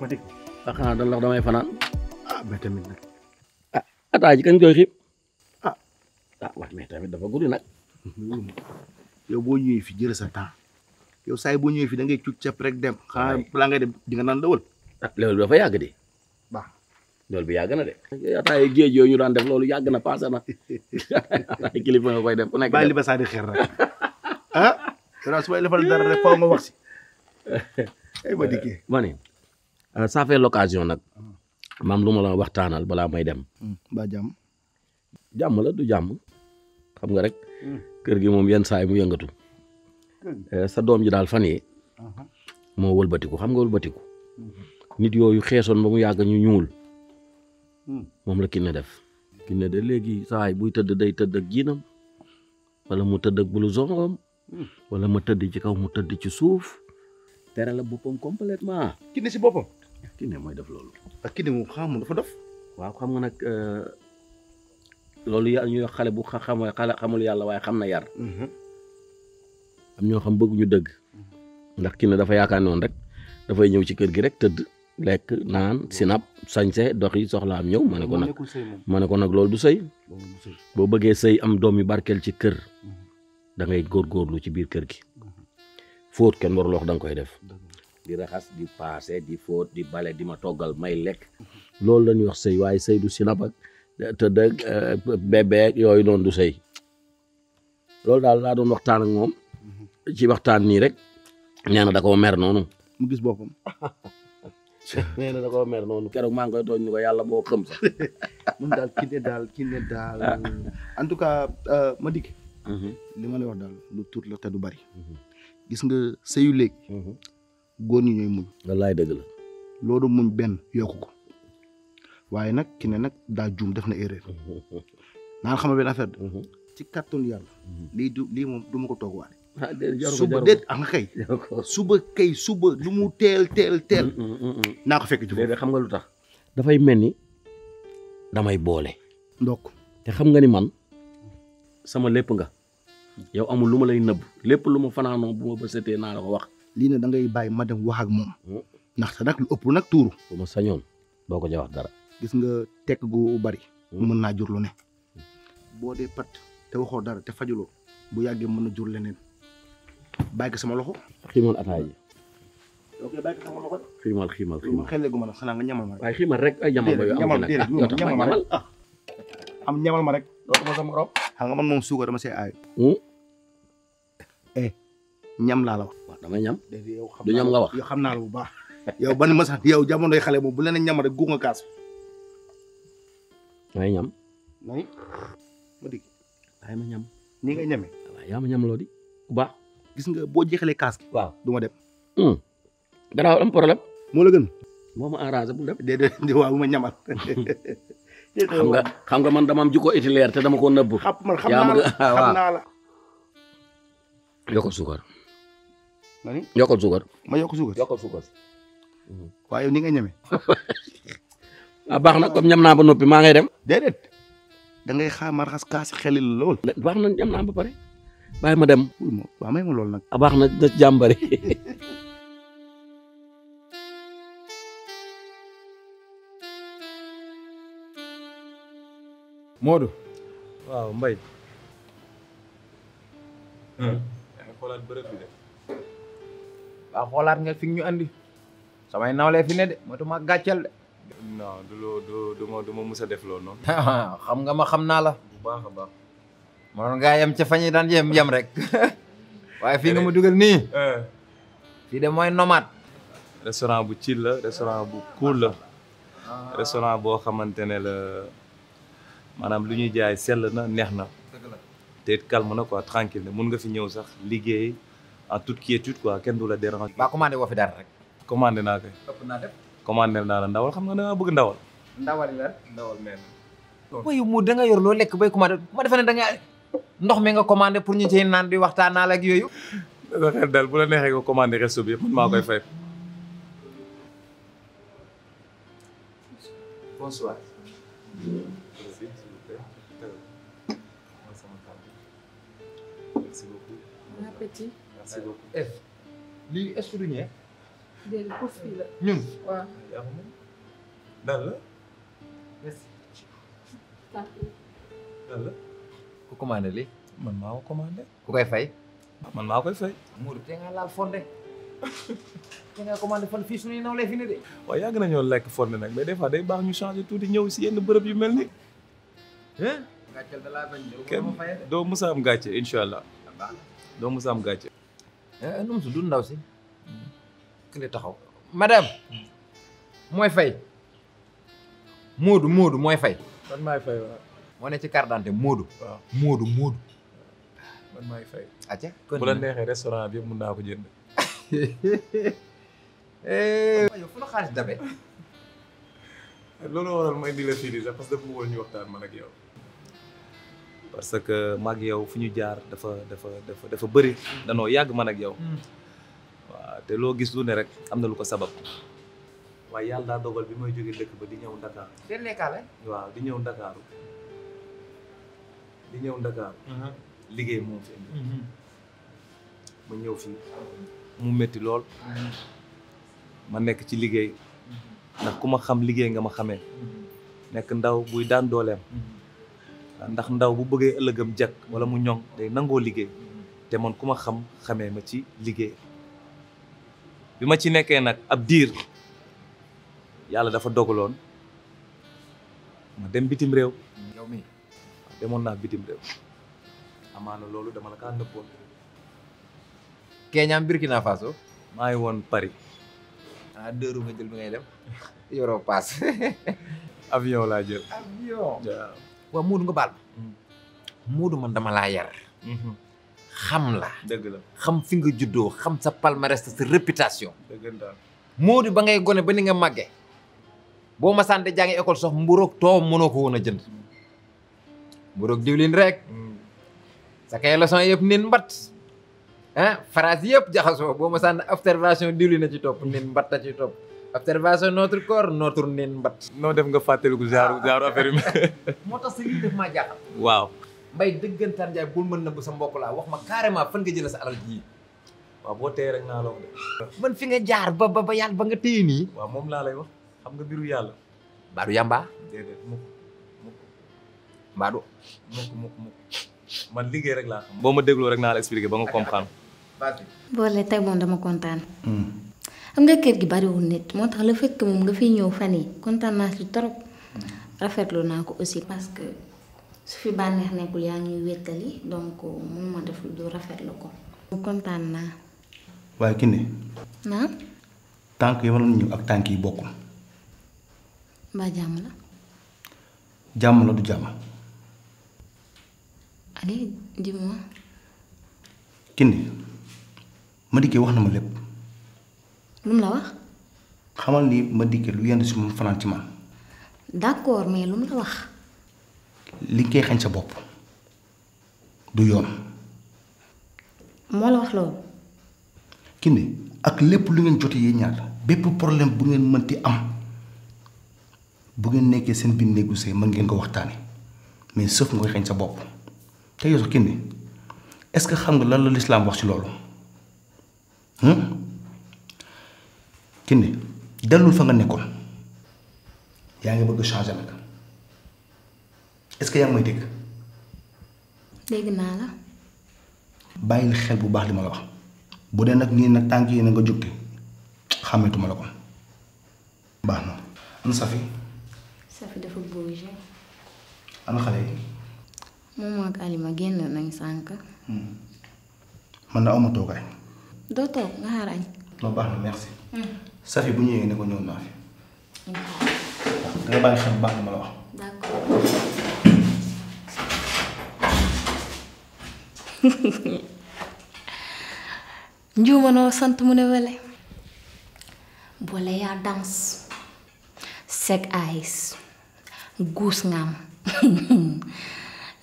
ma kan ada ya, ah xanaa dal ndax damay fanaan ah mais tamit nag ah ji kañ koy xib ah ah wax mais tamit dafa yow fi sa temps yow fi da ngay rek dem xanaa balaa ngay dem di nga naan lewal ah dafa yàgg de baax loolu bi yàgg na de ataay géej yooyu ñu daan def loolu yàgg na passé na ataay kilifa nga koy def ku nekk ba di rek ah dara rek nga wax ay Euh, ça fait nag ah. maam lu ma la waxtaanal balaa may dem. Hmm. ba jàmm. jàmm la du jàmm xam nga rek. Hmm. kër gi moom yenn saay mu yëngatu. Euh, sa doom ji daal fan yi moo wëlbatiku xam nga wëlbatiku. Hmm. nit yooyu xeesoon ba mu yàgg ñu ñuul. moom la kinne def. kinne de léegi saay buy tëdd day tëdd ak jiinam wala mu tëdd ak blousonam wala ma tëdd ci kaw mu tëdd ci suuf. tere la boppam complètement. kinne si boppam. Kiné def loolu. ak Kiné moom xam dafa dof. waaw xam nga nag euh, loolu ya ñuy wax xale bu xam xale xamul yàlla waaye xam na yar. Mhm. am ñoo xam bëgguñu dëgg. ndax Kiné dafa yaakaar noonu rek dafay ñëw ci kër gi rek tëdd. lekk naan sinap sañse doxi soxlaam ñëw ma ne ko nag ma ne ko nag loolu du sëy boo bëggee sëy am doom yi barkeel ci kër mhm. da góor góorgóorlu ci biir kër gi fóot kenn warul wax da nga koy def di raxas di passé di foot di bale di ma togal may lek lolou lañ wax sey way seydou du sinab ak tëdd ak euh, bébé ak yooyu noonu du sey lolou dal la doon waxtaan ak mom ci waxtaan ni rek nee da ko mer nonu mu gis bopam nee da ko mer nonu kéro ma ngoy ko xam sax dal en tout cas euh, ma dik mhm. li ma wax dal lu la te du bari mhm. gis nga seyu góor ñi ñooy muñ. wallaay dëgg la. loolu muñ benn yokku ko waaye nag ki ne nag daa juum def na erreur xama benn affaire mhm. ci kàttanu yàlla. Mhm. moom du ko toog waale. Ah, suba déet naa ko xam nga lu tax. dafay mel ni damay boole. ndokk te xam nga ni man sama lépp nga. yow amul lu ma lay nëbb lépp lu ma fanaanoo bu ma bësetee naa la ko wax. li ne da ngay bay ma dem wax ak nak sa nak lu upp nak tour ko ma sañon boko ja wax dara. gis nga tek gu bari. Mm. Mm. mën na jur lu ne. bo de pat te waxo dara te fajulo bu yagge mën na jur lenen bay ko sama loxo. ximal ataay ok bay ko sama loxo. ximal ximal ximal xel gu ma xana nga ñamal ma bay ximal rek ay ñamal ma am nag ñamal ma rek am ñamal ma rek. doo sama rob xanga man mom suukar dama sey ay mm. eh ñam laa la wax. waaw damay ñam. déedéet yow xam du ñam nga wax. yow xam naa la bu baax yow ban ma sax yow jamonoy xale moom bu leen a ñam rek guug nga kaas. damay ñam. mooy ma dégg. waaye ma ñam. nii nga ñame. waaw yaa ma ñam loo di bu baax. gis nga boo jeexalee kaas gi. waaw du ma dem. Hmm. gannaaw am problème. moo la gën. moo ma arrangé bu dem. déedéet waaw bu ma ñamal. xam nga xam nga man dama am jikko itinéraire te dama ko nëbb. xam man xam naa la yaa ma ko waaw. yokkoo suukar. nga sugar, yokkal ma yokk sugar, yokkal sugar, hmm. waaye ni nga ñeme ah baax na comme ñam naa ba noppi maa ngay dem déedéet da ngay xas xelil na ñam naa ba pare bàyyi ma dem waaw may ma lool nag ah, baax na da jàmbari Modou waaw Mbaye. ah. bi waaw xoolaat nga fi ñu andi samay nawlee fi ne de moytu ma gàcceel de. non du ma du def loolu noonu. xam nga ma xam naa la. bu baax a yem ca fa ñuy daan yem yem rek waaye fii nga ma eh. dugal nii. Eh. fii de mooy nomade. restaurant bu chill la restaurant bu cool la. Ah. restaurant boo xamante ne la maanaam lu ñuy jaay sell na neex na. te it calme na quoi tranquille na mun nga fi ñëw sax liggéey. en toute quiétude quoi kenn du la dérange. waa commandé woo fi dara rek. commandé naa kay. ëpp naa def. la ndawal xam na da bëgg ndawal. ndawal la ndawal mel. mu da nga yor loo lekk bay commandé ma defe ne ndox mi nga commandé pour ñu cee naan di waxtaan naa la ak yooyu. dama xel daal bu la neexee nga commandé resto bi man koy fay. merci beaucoup F lii est-ce du ñee. déedéet pour fii lii. man maa ko commandé. ku koy fay. man maa koy fay. Mourou te nga laal fonde. te nga commandé fan fii suñuy nawlee fi ne de. waaw yàgg nañoo lekk fonde nag mais des fois day baax ñu changé tuuti ñëw si yenn bërëb yu mel ni gàcceel da doo mës gàcce incha doo mës gàcce. Eh, nu mu tudd ndaw si kële taxaw madame mooy fay Moodu Moodu mooy fay man maay fay waaw moo ne ci carte d'identité Moodu waaw Moodu Moodu man maay fay la neexee restaurant bi yëpp mën naa ko jënd eh, yow fu la xaalis dabe loolu waral ma indi la fii nii sax parce que dafa bëggoon ñu waxtaan man ak yow parce que mag yow fu ñu jaar dafa dafa dafa dafa bëri danoo yàgg man ak yow hmm. waaw te loo gis lu ne rek am na lu ko sabab waaye yàlla daa dogal bi may jógee dëkk ba di ñëw Ndakaaru benn waaw di ñëw Ndakaaru di ñëw Ndakaaru hmm. liggéey moom fi hmm. mu métti lool ma nekk ci liggéey ndax ku ma xam liggéey nga ma xamee nekk ndaw buy daan dooleem ndax ndaw bu bëggee ëllëgam jag wala mu ñoŋ day nangoo liggéey te man ku ma xam xamee ma ci liggéey bi ma ci nekkee nag ab diir yàlla dafa dogloon ma dem bitim réew. yow mi demoon naa bitim réew amaana loolu dama la kaa nëppoon. Kenya Burkina Faso. maa ngi woon Paris. ah dëru nga jël bi ngay dem yoroo paas. avion laa jël. avion wa mudu nga bal hmm. mudu man dama laa yar hmm. xam la dëgg la xam fi nga juddo xam sa palmarès sa réputation mudu ba ngay gone ba ni nga màggee bo ma sante jangé école sox mburok to monoko wona jënd mburok diwlin rek hmm. sa kay leçon yépp nin mbat ah phrase yépp jaxaso bo ma sante observation diwlin na ci top nin mbat ci top observation notre corps notre nen mbat noo def nga fàttaliku genre genre affaire yi moo tax sa lii def maa jaaxal waaw mbay dëggantaan jaay bul mën na bu sa mbokk laa wax ma carrément fan nga jëlee sa alal ji waaw boo tey rek naa la wax de man fi nga jaar ba ba ba yàlla ba nga téye nii waaw moom laa lay wax xam nga biru yàlla baru yamba dede muk muk baru muk muk muk man liggéey rek la xam bo ma deglu rek na la expliquer ba nga comprendre bo le tay mom dama contane hmm xam nga kër gi wu nit moo tax la fekk moom nga fiy ñëw fan yi kontaan naa si trop rafetlu naa ko aussi parce que su fi bànneex nekkul yaa ngi wéttali donc mun ma def du rafetlu ko. kontaan naa. waaye ki ne. naa. tànk yi waroon ñëw ak tànk yi bokkul. mbaa jàmm la. jàmm la du jàmm. allez dis-moi. Kine ma dikkee wax na ma lépp lu mu la wax. xamal ni ma dikkee lu yenn si moom fanaan ci man. d'accord mais lu mu la wax. li koy xañ sa bopp du yoon. moo la wax loolu. Kine ak lépp lu ngeen jotee yi ñaar bépp problème bu ngeen mënti am bu ngeen nekkee seen biir néegu sëy mën ngeen ko waxtaane mais sëf nga koy xañ sa bopp te yow sax Kine est-ce que xam nga lan la lislaam wax ci loolu. Hmm? كني دلول فنغا نيكول ياغي بغا شانجي نك اسكو ياغ ماي ديك ديغ نالا باي الخيل بو باخ لي مالا واخ بودي نك ني نك تانكي نغا جوكي خاميتو مالا كون باخنا انا صافي صافي دافا بوجي انا خالي ماما قال لي ما ген نان سانكا من اوما توكاي دو تو نهار اني لو باخنا ميرسي safi bu ñëwee ne ko ñëw naa fi da nga bàyyi xel baax ma la wax njuumanoo sant mu ne wele boole yaa dans seg eyes Gous ngam.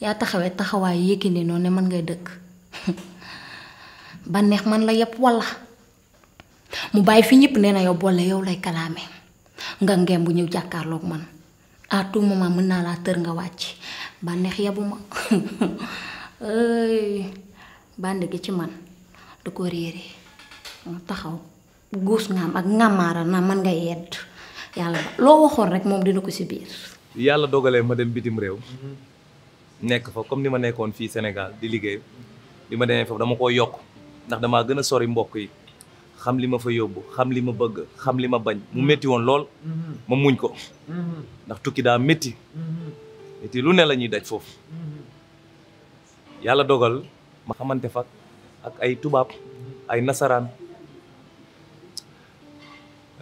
ya taxawé taxaway yëkkindi no né man ngay dëkk ba neex man la yëpp ya, wala mu bay fi ñep neena yow bolé yow lay kalamé nga ngem bu ñëw jàkkaarloog man à tout moment mëna la teur nga wacc ba neex yabuma ay bànd gi ci man du ko réré taxaw oh. guus ngaam ak ngamara na man nga ya, yedd yalla lo waxon rek mom dina ko ci biir yalla dogalé ma dem bitim réew nek fa comme nima fi Sénégal di liggéey bima démé fa dama ko yok ndax dama gëna sori mbokk yi xam li ma fa yobbu xam li ma bëgg xam li ma bañ mu metti won lool mm-hmm. ma muñ ko mm-hmm. ndax tukki da metti mm-hmm. metti lu ne lañuy daj fofu yalla dogal ma xamanté fa ak ay tubab ay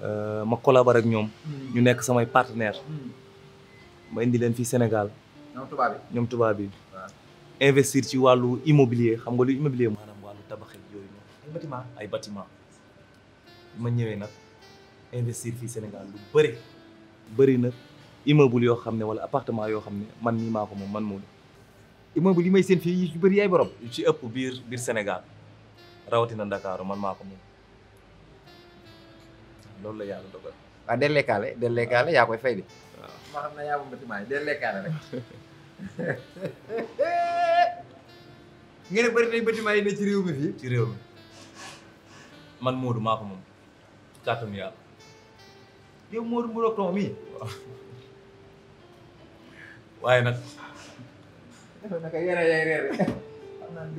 euh ma collaborer ak ñom ñu nekk samay partenaire ma indi len fi Sénégal ñom tubab yi ñom tubab yi investir ci walu immobilier xam nga lu immobilier manam walu tabaxé yoy ñom ay bâtiment ay bâtiment ma ñëwee nag investir fii Sénégal lu bëri bëri na immeuble yoo xam ne wala appartement yoo xam ne man nii maa moom man moo immeuble yi may séen fii yu bëri yaay borom yu ci ëpp biir biir Sénégal rawatina Ndakaaru man maa ko moom loolu la yàlla dogal waaw del yaa koy fay de waaw ne yi bëri nañ bâtiment yi ne ci réew mi fii ci réew mi man Modou maa ko moom kàttan yàlla. yow Modou Mburok Tom mii. waaye nag. naka yéen a yaay reer wala man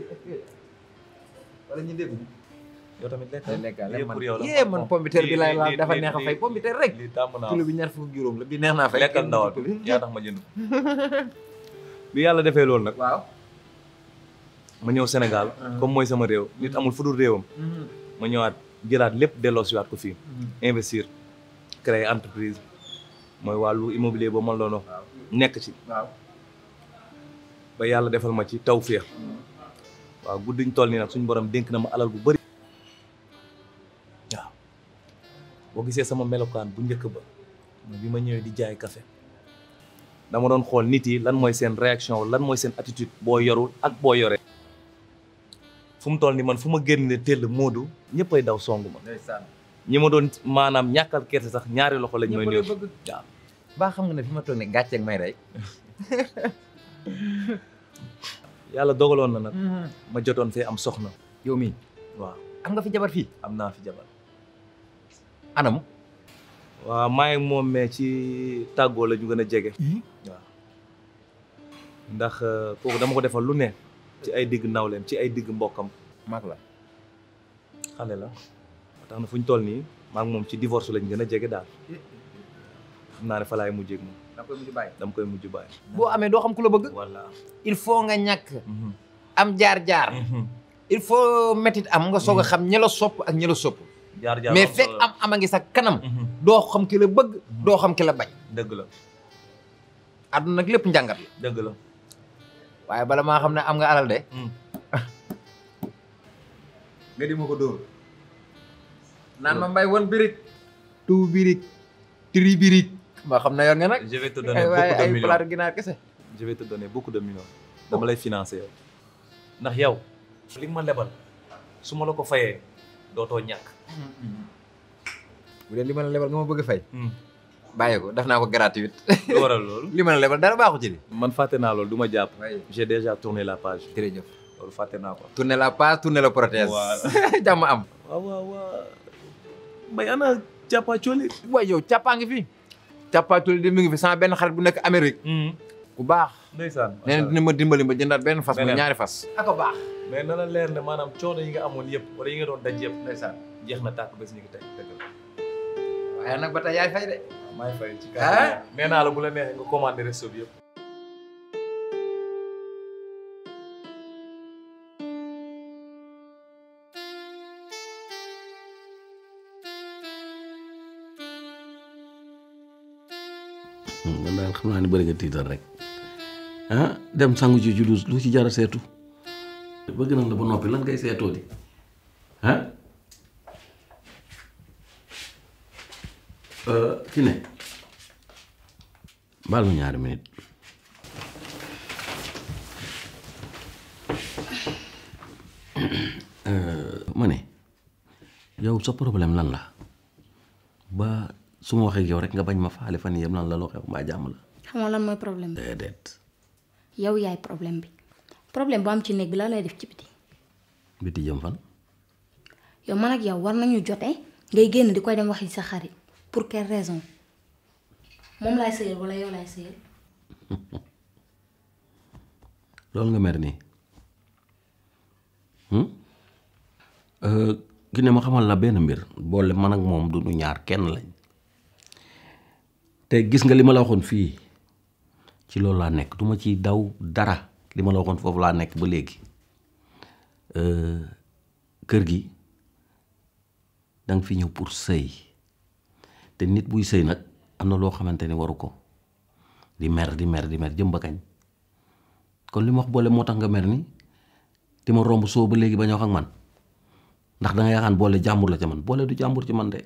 yee bi laay laal dafa neex a fay pompiteer rek. lii tàmm naa kilo bi la bi neex naa fay. lekkal ndawal yaa tax ma jënd bi yàlla defee loolu nag. waaw. ma ñëw Sénégal. Ah. comme mooy sama réew. nit amul fu réewam. Mm-hmm. ma ñëwaat. jëlaat lépp delloo siwaat ko fii investir créer entreprise mooy wàllu immobilier ba man loono nekk ci ba yàlla defal ma ci taw féex waaw guddiñ toll nii nag suñu borom dénk na ma alal bu bari waaw boo gisee sama melokaan bu njëkk ba bi ma ñëwee di jaay café dama doon xool nit yi lan mooy seen réaction lan mooy seen attitude boo yorul ak boo yoree fu mu toll ni man fu ma génne teel Modou ñëpp ay daw song ma ñi ma doon maanaam ñàkkal kerse sax ñaari loxo lañ may néew waaw baa xam nga ne fi ma toog may rey dogaloon na nag mhm. jotoon fee am soxna yow mii waaw am nga fi jabar fii am naa fi jabar waaw maa ngi moom mais ci tàggoo la ñu gën a jege waaw ndax euh, kooku dama ko defal lu ne ci ay digg nawlem ci ay digg mbokam mak la xalé la tax na fuñ toll ni mak mom ci divorce lañu gëna jégué daal xam naa ne fa mujjé ak mom dama koy mujj bàyyi dama koy mujj bàyyi bo amé do xam ku la bëgg wala il faut nga ñak mhm. am jaar-jaar mhm. il faut metit am nga soga mhm. xam ñela sop ak ñela sop jaar-jaar mais fek am am sa kanam do xam ki la bëgg do xam ki la bañ deug la aduna nak lepp njangat deug la waaye bala maa xam ne am nga alal de. Hmm. nga di ma ko dóor. naan ma mbay wan birig. two birig. tri birig. ma xam ne yoon nga nag. je vais te donner beaucoup de millions ay palaatu de millions. dama lay financer yow. ndax yow. li ma lebal su ma la ko fayee dootoo ñàkk. Hmm. bu dee li ma la lebal nga ma bëgg fay. Hmm. bàyyi ko def naa ko gratuit. lu waral loolu. li ma la lebal dara baaxu ci li. man fàtte naa loolu du ma jàpp. j'ai déjà tourné la page. jërëjëf loolu fàtte naa ko. tourné la page tourné la prothèse. waaw jàmm am. waaw waaw waaw Mbaye ana Capa Coli. waaye yow Capa ngi fi. Capa Coli de mi ngi benn xarit bu nekk Amérique. Hmm. ku baax. ndeysaan nee na dina ma dimbali ma jëndaat benn fas. ñaari fas ak baax. mais na la leer ne maanaam coono yi nga amoon yëpp wala yi nga doon daj yëpp ndeysaan jeex na tàkk bés ñu anak bata yaay fay de may fay ci ka nee naa la bu la resto bi yëpp man daal xam naa rek ah dem sangu ci julus lu ci la lan ngay di ki ne baal ñaari minute ma ne yow sa problème lan la ba su waxe yow rek nga bañ ma faale fan yam lan la lo xew mbaa jam la xam nga lan moy problème dedet yow yaay problème bi problème bu am ci néeg bi lan lay def ci biti biti jëm fan yow man ak yow war nañu joté ngay genn di koy dem waxi sa xarit pour quelle raison moom laay sëyal wala yow laay sëyal loolu nga mer nii Guinée hmm? euh, ma xamal la benn mbir boole man ak ñaar kenn lañ te gis nga lima la waxoon fii ci loolu laa nekk duma ci daw dara li la waxoon foofu laa nekk ba euh, kër gi fi pour te nit buy sëy nag am na loo xamante ne waru ko di mer di mer di mer jëm ba kañ kon li ma wax boole moo tax nga mer ni ti ma romb soo ba léegi ba ñoo xam man ndax dangay nga boole jàmbur la ca man boole du jàmbur ci man de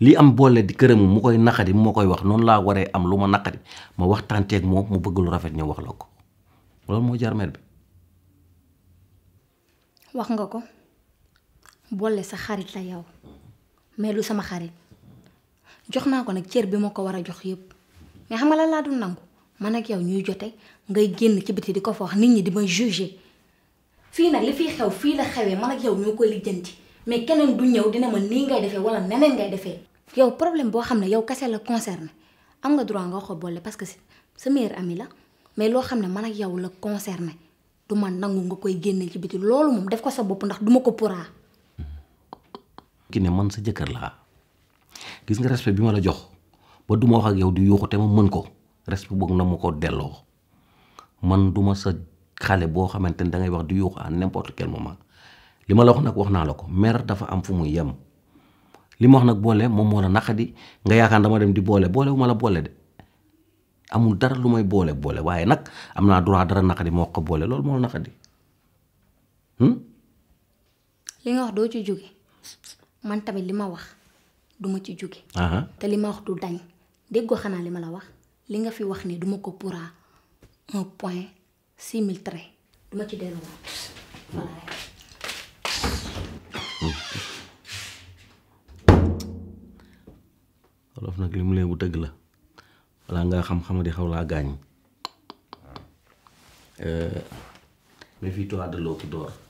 li am boole di këram mu koy naqari moo koy wax noonu laa waree am lu ma naqari ma waxtaan teeg moom mu bëgg lu rafet ñu wax la ko loolu moo jar bi. wax nga ko boole sa xarit la yow mais lu sama xarit. jox naa ko nag cër bi ma wara jox yépp mais xam nga lan la dul nangu man ak yow ñuy jote ngay genn ci biti diko fa wax nit ñi di ma juger fi nak li fi xew fi la xewé man ak yow ñoo koy lijjanti mais kenen du ñew dina ma ni ngay défé wala nenen ngay défé yow problème bo xamné yow kassé la concerné am nga droit nga wax bolé parce que sa meilleur ami la mais lo xamné man ak yow la concerné du man nangu nga koy genn ci biti lolu mom def ko sa bop ndax duma ko pourra ki ne man sa la gis nga respect bi ma la jox ba du ma wax ak yow di yuuxu te ma mën ko respect boog na ma ko delloo man du ma sa xale boo xamante ne dangay wax di yuuxu à n'importe quel moment li ma la wax nag wax naa la ko mer dafa am fu muy yem li ma wax nag boole moom moo la naqadi nga yaakaan dama dem di boole boole wu ma la boole de amul dara lu may boole boole waaye nag am naa droit dara naqadi ma wax ko boole loolu moo la naqadi. Hmm? li nga wax doo ci jóge man tamit li ma wax. duma ci jóge te li ma wax du dañ déggoo xanaa li ma la wax li nga fi wax ni duma ko pourra un point six mille trait duma ci dellu voilà olof nag li mu leen bu dëgg la wala nga xam-xama di xaw laa gaañ ah. euh, mais fii tuwaadaloo ki dort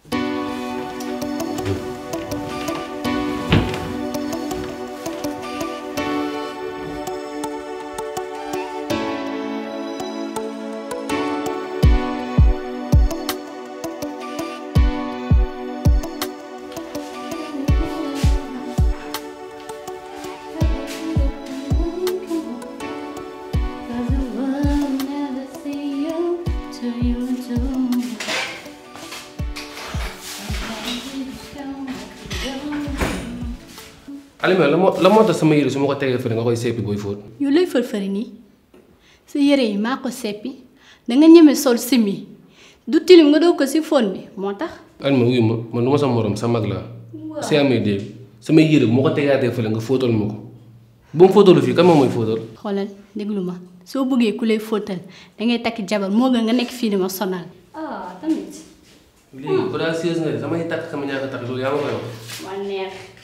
Alima la moo la sama yére su ma ko tegee fële nga koy seppi booy fóot. yow lay ni nii sa yére yi maa ko seppi da nga sol simi du tilim nga doo ko si fon bi moo Alima wuyu ma man du ma sa morom sa mag laa. waaw si amee dégg sama yére bu ma ko tegaatee fële nga fóotal ma ko bu mu fóotalu fii kan moo may fóotal. xoolal déglu ma soo bëggee ku nga sonal. ah tamit. léegi bu daa sées nga sama ñaaka takk loolu yaa ma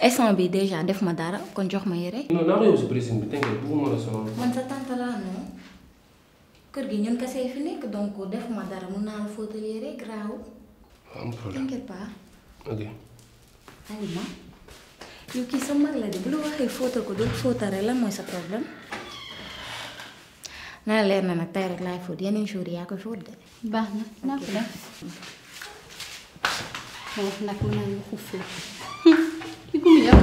instant déjà def ma dara kon jox ma yéré non naa la yow si prison bi bu bëgguma la sonal. man sa tante laa non kër gi ñun kasse fi nek donc def ma dara mun naa la fóotal yére garaaw. am problème t'inquiète pas. ok. Alima yow ki sa mag la de bu la waxee fóotal ko do fóotal rek lan moy sa problème. naa leer na nag tey rek laay fóot yeneen jour yaa ko fóot de. baax na naa ko def. bon nag mën naa la ko fóot. Iya.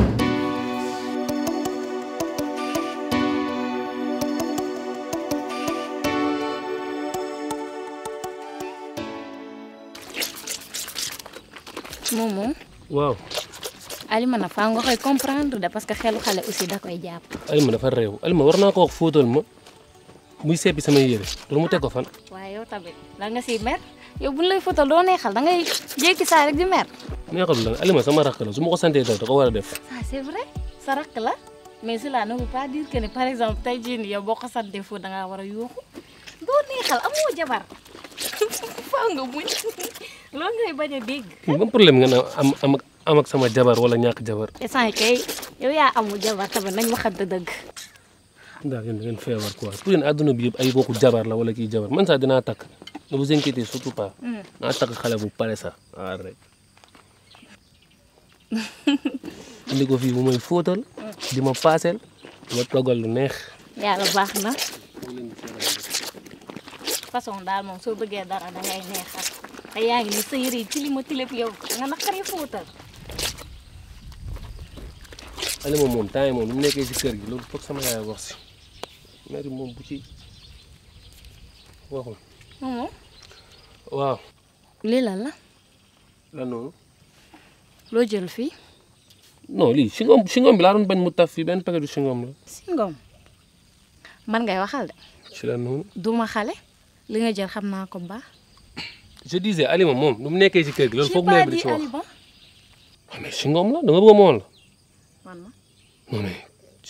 Momo. Wow. ali mana fango koy comprendre da parce que xelu xale aussi da koy japp ali mana fa rew ali ma warna ko fotal ma muy seppi sama yere lu mu tek ko fan waaw yow oh, tamit la nga mer yow bu ñu lay fóotal doo neexal da ngay jékki saa rek di Alima sama rakk la su ma ko santee def da ko war a def. ah sa rakk la mais cela ne veut par exemple tey jii nii yow boo ko santee foofu da ngaa war a yooxu doo neexal amoo jabar faaw nga muñ a am am am ak sama jabar wala ñàkk jabar. instant kay yow yaa jabar tamit nañ waxante dëgg. ndax yéen da ngeen feebar quoi pour yéen àdduna bi yëpp ay bokku jabar la wala kii jabar man saa sax dinaa takk. ne vous inquiétez surtout pas. naa takk xale bu pare mm. sax waaw rek. indi ko fii bu may mm. fóotal. di ma paaseel di ma toggal lu neex. yàlla baax na. façon daal moom soo bëggee dara da ngay neexal te yaa ngi ni sa yëre yi tili ma tilip yow nga naqaree fóotal. Alima moom temps yi moom ni mu nekkee si kër gi loolu foog sama yaay wax si mère moom bu ci waxul. Maman oh. waaw. lii lan la. lan loolu. loo jël fii. singom singom bi laa mutafi bañ mu taf singom la. singom man gaya waxal de. ci lan noonu. du ma xale li nga jël xam naa ko baax. je disais Alima moom nu mu nekkee ci kër gi loolu foog di ci wax. waaw ah, mais singom la da nga bëgg a mool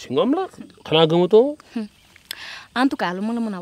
singom la xanaa gëmatoo. Hmm. en tout cas lu ma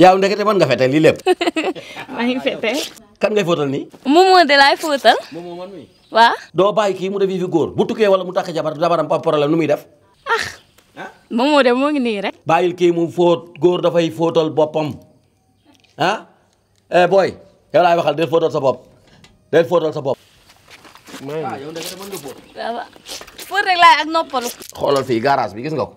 yaaw ndekete mën nga fete lii lépp. maa ngi fete. kan ngay fóotal nii. Momo de laay fóotal. Momo doo bàyyi kii mu def yi fi góor bu tukkee wala mu takk jabar jabaram pa nu muy def. ah. ah? Momo de moo ngi nii rek. bàyyil kii mu fóot góor dafay fóotal boppam ah. eh booy yow laay waxal del fóotal sa bopp del fóotal sa bopp. Ah, yow ndekete mën nga fóot rek laay ak noppalu. xoolal fii garage bi gis nga ko.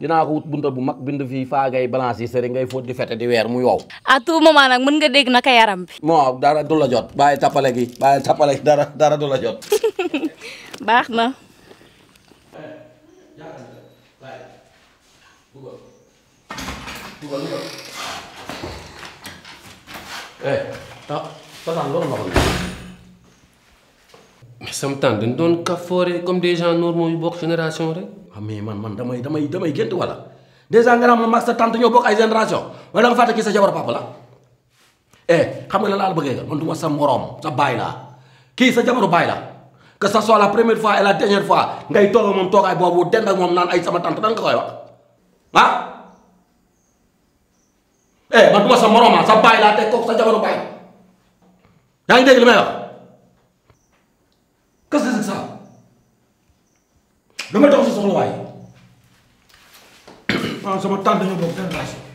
dina ko wut bunta bu mak bind fi fa gay balance yi ngay fot di fete di wer mu yow. à tout moment nag mën nga dégg naka yaram bi. mo dara dula jot baye tapale gi baye tapale gi dara dara du la jot. baax na. Eh, ah, sam tan dañ doon kafoore comme des gens normaux yu génération rek. xam ah, mais man man damay damay damay gént wala dèjà nga naa ma mag sa tante ñoo bokk ay génération wala da nga fàtte kii sa jabar papa la. eh xam sa morom sa baay laa kii sa jabaru baay la que ça soit première fois et la dernière fois ngay toog moom toogaay boobu dend moom naan ay sama tante nan nga koy wax ah. eh man du ma sa morom ah, sa baay laa te kooku sa jabaru baay yaa ngi dégg li may wax damay dox si soxla waay. waaw ah, sama tànn dañoo bokk benn relation.